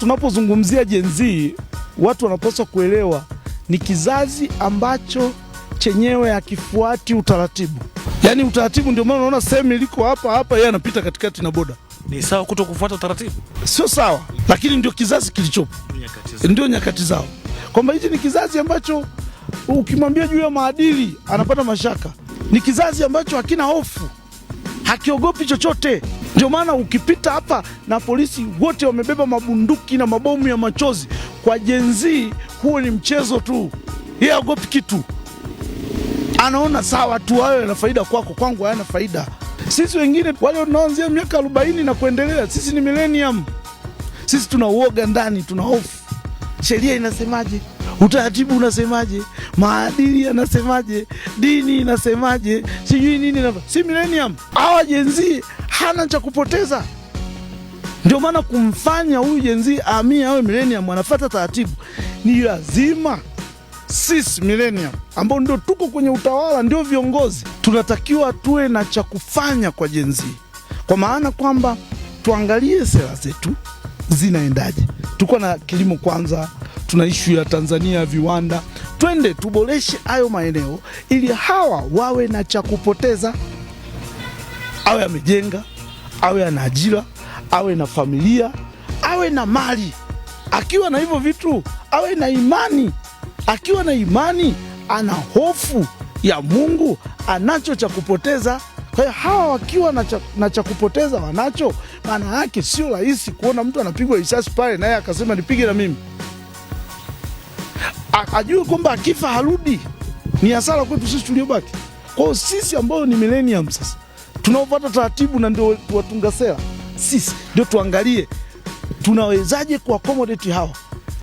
Tunapozungumzia Gen Z, watu wanapaswa kuelewa ni kizazi ambacho chenyewe hakifuati utaratibu, yaani utaratibu. Ndio maana unaona sehemu iliko hapa hapa, yeye anapita katikati na boda. Ni sawa kuto kufuata utaratibu? Sio sawa, lakini ndio kizazi kilichopo, ndio nyakati zao, kwamba hichi ni kizazi ambacho ukimwambia juu ya maadili anapata mashaka. Ni kizazi ambacho hakina hofu, hakiogopi chochote. Ndio maana ukipita hapa na polisi wote wamebeba mabunduki na mabomu ya machozi. Kwa jenzii huo ni mchezo tu, yeye agopi kitu, anaona sawa tu, hayo yana faida kwako, kwangu hayana faida. Sisi wengine wale tunaanzia miaka arobaini na kuendelea, sisi ni millennium. Sisi tuna uoga ndani, tuna hofu. Sheria inasemaje? Utaratibu unasemaje? Maadili yanasemaje? Dini inasemaje? Sijui nini na si millennium. Hawa jenzii hana cha kupoteza. Ndio maana kumfanya huyu jenzi amia awe millennium anafata taratibu, ni lazima sisi millennium ambao ndio tuko kwenye utawala, ndio viongozi, tunatakiwa tuwe na cha kufanya kwa jenzi, kwa maana kwamba tuangalie sera zetu zinaendaje. Tuko na kilimo kwanza, tuna ishu ya Tanzania ya viwanda, twende tuboreshe hayo maeneo ili hawa wawe na cha kupoteza awe amejenga, awe ana ajira, awe na familia, awe na mali. Akiwa na hivyo vitu, awe na imani. Akiwa na imani, ana hofu ya Mungu, anacho cha kupoteza. Kwa hiyo hawa wakiwa na cha, na cha kupoteza wanacho, maana yake sio rahisi kuona mtu anapigwa risasi pale naye akasema nipige na mimi, ajue kwamba akifa harudi. Ni hasara kwetu sisi tuliobaki. Kwao sisi ambao ni millennium sasa tunaofuata taratibu na ndio watunga sera sisi, ndio tuangalie tunawezaje kuakomodeti hawa